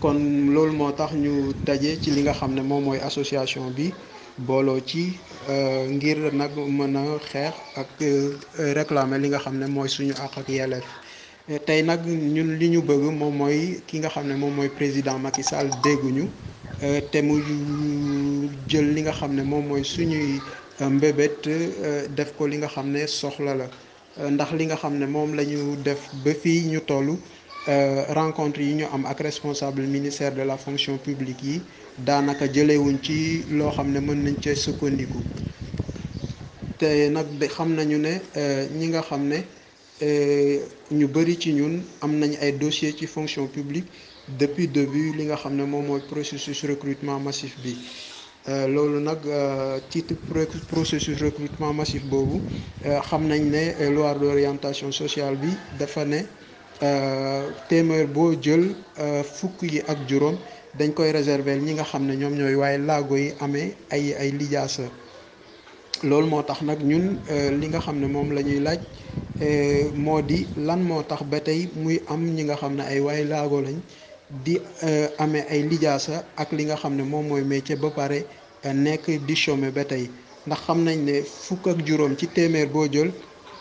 kon loolu moo tax ñu taje ci li nga xam ne moom mooy association bi booloo ci euh, ngir nag mën a xeex ak euh, réclamer li nga xam ne mooy suñu àq ak yelleef tey nag ñun li ñu bëgg moom mooy ki nga xam ne moom mooy président Macky Sall dégguñu euh, te mu jël li nga xam ne moom mooy suñuy mbébét def ko li nga xam ne soxla la ndax li nga xam ne moom la ñu def ba fii ñu toll. Euh, rencontre yi ñu am ak responsable ministère de la fonction publique yi daanaka jëlewuñ ci loo xam ne mën nañ cee sukkandiku te nag xam nañu ne euh, ñi nga xam ne euh, ñu bëri ci ñun am nañ ay dossier ci fonction publique depuis début li nga xam ne moom mooy processus recrutement massif bi loolu nag ci processus recrutement massif boobu xam nañ ne loi d'orientation sociale bi dafa ne Euh, téeméer boo jël euh, fukk yi ak juróom dañ koy réserver ñi nga xam ne ñoom ñooy waaye laago yi amee ay ay lijaasa loolu moo tax nag ñun euh, li nga xam ne moom la ñuy laaj moo di lan moo tax ba tey muy am ñi nga xam ne ay waaye laago lañ di amee ay lijaasa ak li nga xam ne moom mooy métier ba pare nekk di chômer ba tey ndax xam nañ ne fukk ak juróom ci téeméer boo jël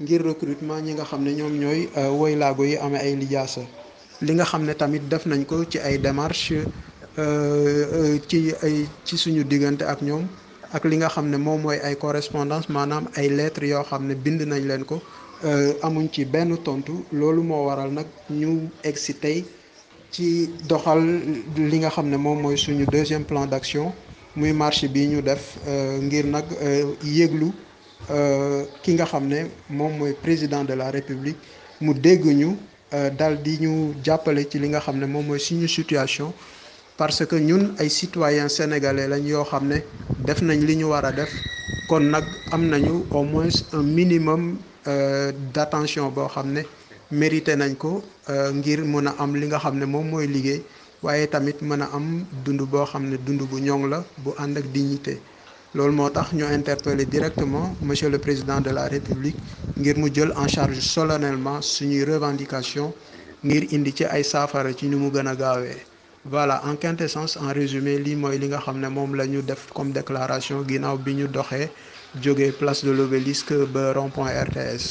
ngir recrutement ñi nga xam ne ñoom ñooy euh, woy laago yi amee ay lijaasa li nga xam ne tamit def nañ ko ci ay démarches euh, euh, ci ay ci suñu diggante ak ñoom ak li nga xam ne moom mooy ay correspondance maanaam ay lettres yoo xam ne bind nañ leen ko amuñ ci benn tontu loolu moo waral nag ñu egg si tey ci doxal li nga xam ne moom mooy suñu deuxième plan d'action muy marché bi ñu def ngir nag yéglu Euh, ki nga xam ne moom mooy président de la république mu dégg ñu euh, dal di ñu jàppale ci li nga xam ne moom mooy suñu situation parce que ñun ay citoyens sénégalais lañ yoo xam ne def nañ li ñu war a def kon nag am nañu au moins un minimum euh, d'attention boo xam ne mérité nañ ko ngir mën a am li nga xam ne moom mooy liggéey waaye tamit mën a am dund boo xam ne dund bu ñoŋ la bu ànd ak dignité lol motax ñu interpellé directement monsieur le président de la république ngir mu jël en charge solennellement suñuy revendication ngir indi ci ay safara ci ñu mu gëna a voilà en quintessence en résumé li moy li nga xamné mom def comme déclaration ginaaw biñu doxé place de l'obélisque ba rond-point RTS